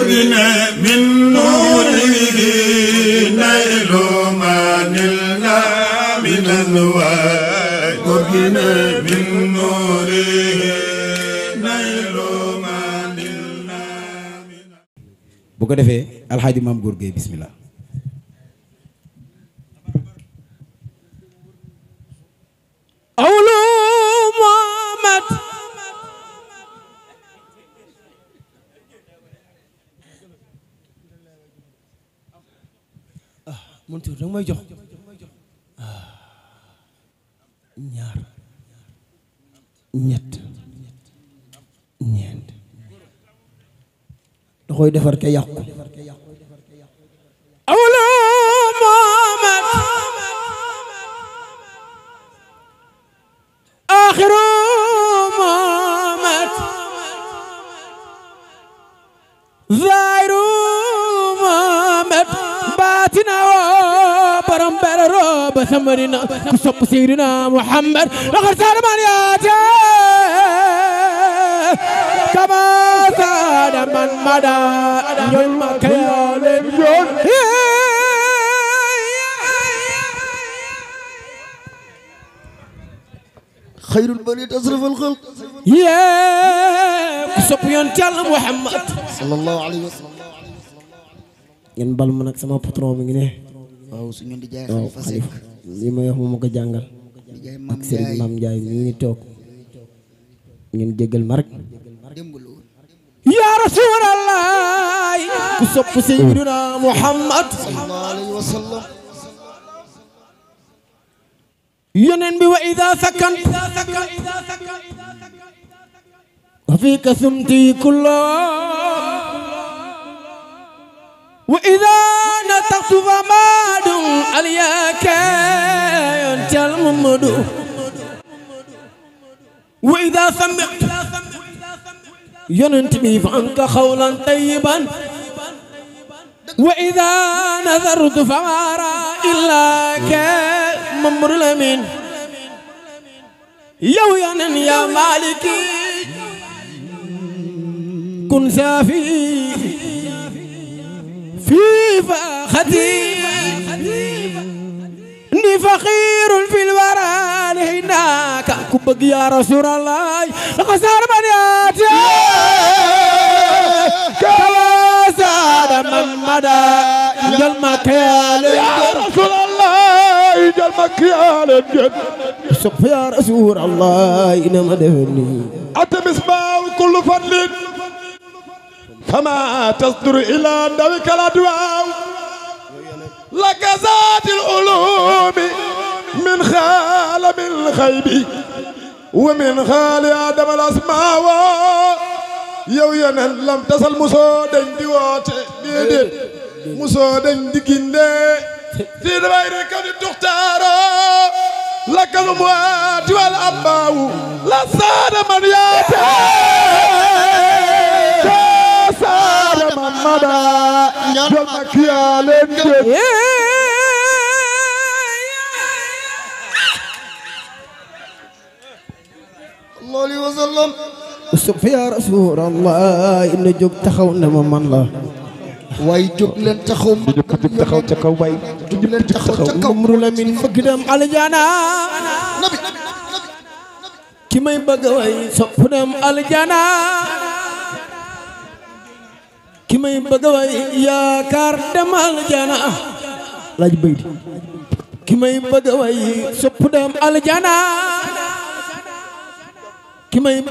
نورنا من نوره نيل من الله من الوعي نورنا من نوره bu ko defee alxaaji maam góor géey bismillah mun tur danga may jox ñaar ñett ñeent da koy defar ka yàqu ba samarina ku sopp Seydina Muhammad laqad saada man yaate kama saada man mada ñoy ma kayaleen yoon xayrul bari tasrif al xalq ku sopp yoon ci Yàlla Muhammad sallallahu alayhi wa sallam ngeen bal ma nag sama patron mi ngi ne waaw su ñun di jaay xalifa Seck li may wax moom ma ko jàngal ak sëriñ Maam Njaay mi ngi toog ngeen jéggal ma rek yaa rasuulallah ku sopp sayyiduna Muhammad sallallahu bi wa ida sakan wa fika sumti kullo وإذا نطقت فماد عليك ينتل ممدو وإذا سمعت ينتمي فأنت قولا طيبا وإذا نظرت فما أرى إلا كممر الأمين يويا يا مالكي كن سافي الخديم إني فقير في الورى لهناك كبك يا رسول الله لقصار من ياتي كما سعد من مدى جل مكيال يا رسول الله جل مكيال جل سقف يا رسول الله إنما دفني أنت مسمع كل فضل فما تصدر إلى دوك الأدواء لك ذات العلوم من خالم الخيب ومن خال آدم الأسماء yow yeneen lam tasal musoo dañ di woote déedéet musoo dañ di gindee si damay rek di tuxtaaro waati wal abbaawu la man yaate mada jol makiya leen jëf sallallahu alayhi wa sallam suuf yaa rasulallah na jóg taxaw na ma man la waaye jóg leen taxaw jóg taxaw ca kaw waaye jóg leen taxaw ca kaw Mouhamadou Lamine bëgg dem aljana ki may bëgg way sopp dem aljana ki may bëgg a way yaakaar demal jana laaj bëy di ki may bëgg a way dem aljana ki moom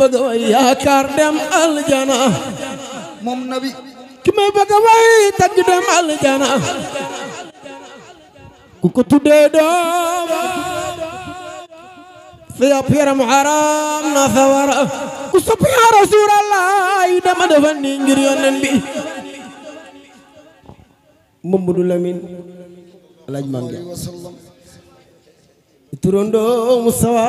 nabi ki may bëgg a way tagg dem ku ko tuddee doom fi ab yaram haram na sawara ku sopp yaa rasuulallah dama defal ni ngir yonen bi Mamadou Lamine alaaj Mame Diarra turandoo Mustafa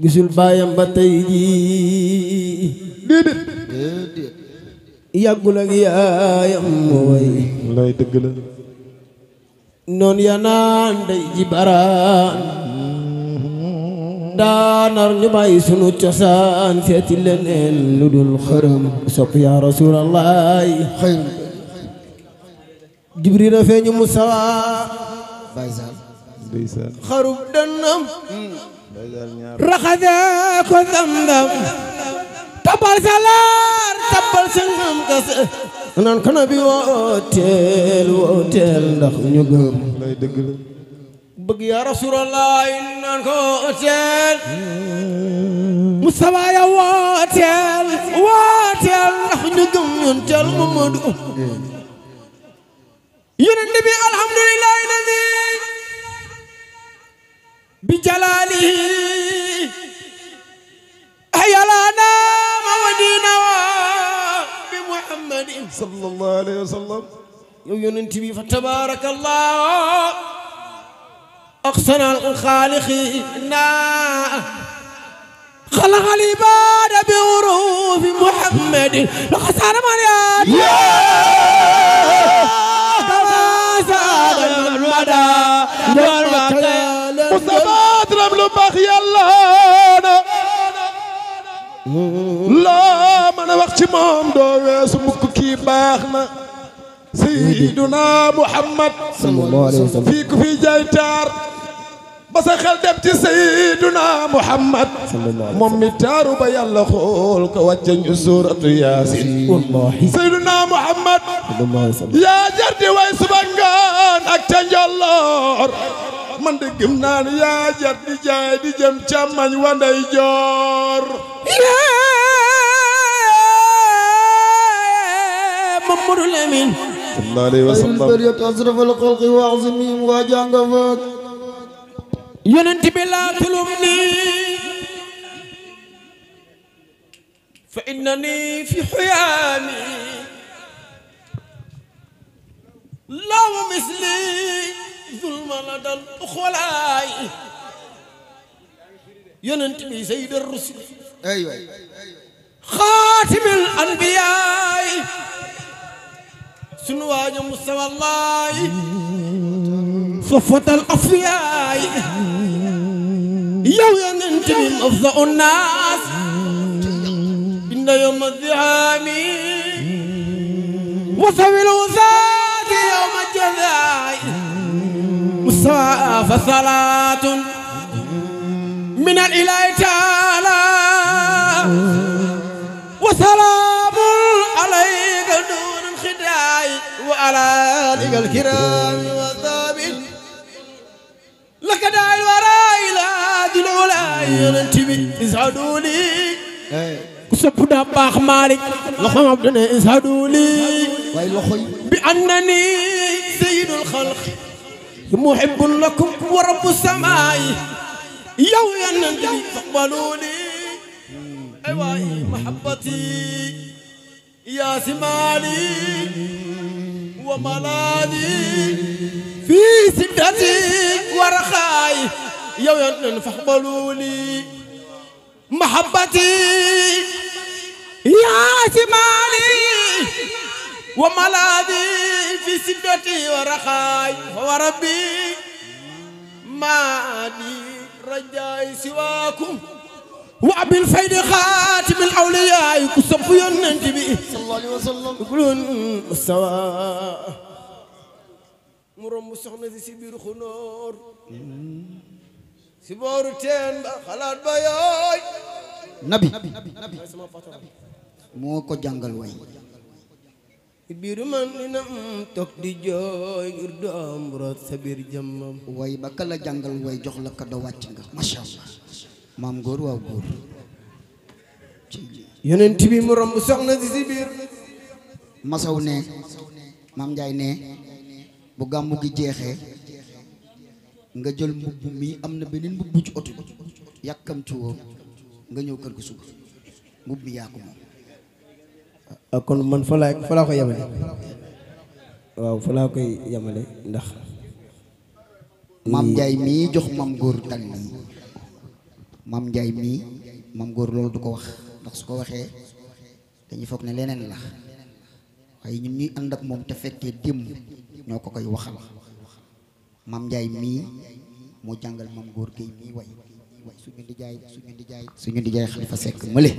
gisul baayam ba tey jii déedéet yàggul ak yaayam mooy lay dëgg la noon ya naan day ji baraan daanar ñu bàyyi sunu cosaan seeti leneen lu dul xërëm sopp yaa rasuulallaay xëy feeñu musa xarub dënnam raxase ko samdam tabal sa laar tabal sa ngam kase naan kana bi wooteel wooteel ndax ñu gëm bëgg yaa rasulallah innan ko teel Mustafa ya wooteel wooteel ndax ñu gëm ñun teel Mamadu bi alhamdulillahi lazi bi jalaalihi ayalaana ma wadina wa bi muhammadin sallallahu alayhi wa sallam yow yonent bi fa أحسن الخالقين خلق العباد بحروف محمد وحسن من يا مصطفى ترم لبخ يلا لا من وقت مام دو ويس مكو كي باخنا sayyiduna muhammad sallallahu alayhi wa sallam fii ku fi jaay taar ba sa dem ci sayyiduna muhammad moom mi taaru ba yàlla xool ko wàcce suuratu yaasin sayyiduna muhammad yaa jar di way suba ak ca man de gëm yaa jar di jaay di jëm càmmañ wa ndey joor Mamadou Lamine sallallahu alayhi wa sallam bariat asraf al khalqi wa azimim wa jàng fa yonent bi laa tulum ni fa innani fi xuyaami law misli zulma ladal xolaay yonent bi sayyid ar rusul aywa xaatimil anbiyaay sunu waajo musa wallaahi sofatal afyaay yow yonent bi mafza unnaas inna yowma zihaami wasawil wasaati yowma jazaay musa fa salaatun min al ilaahi taala wasala على آلك الكرام والثابت لك داعي الورى إلى ذي العلا ينتمي اسعدوا لي كسب دام باخ مالك لخم عبدنا اسعدوا لي بأنني سيد الخلق محب لكم ورب السماء يوم ينتمي فاقبلوني أيوة محبتي يا سمالي وملالي في سدتي ورخاي يا وين فاقبلوا لي محبتي يا سمالي وملالي في سدتي ورخاي وربي ما عندي رجاي سواكم waa bil faydi xaatimil awliyaa ku sopp yonent bi sallallahu alayhi wa sallam kulun mustawa mu romb soxna si si biir xunóor si booru teen ba xalaat ba yooy nabi moo ko jàngal way si biiru man dinam toog di jooy ngir doom root sa biir jëmmam way ba kala jàngal way jox la ko da wàcc nga masha allah maam góor waaw góor yonent bi mu romb soxna si si biir masaw ne maam njaay ne bu gàmmu gi jeexee nga jël mbubb mi am na beneen mbubb ci oto yàkkamti woo nga ñëw kër gi suba mbubb mi yaa ko moom ah, kon man fa laa fa laa ko yemale waaw fa laa koy yemale ndax maam njaay mii jox maam góor tan mam Ndiaye mii mam góor loolu du ko wax ndax su ko waxee dañuy foog ne leneen la waaye ñun ñuy ànd ak moom te fekkee démb ñoo ko koy waxal mam Ndiaye mii moo jàngal mam góor Gueye mii way suñu di jaay suñu di jaay suñu di jaay sekk mële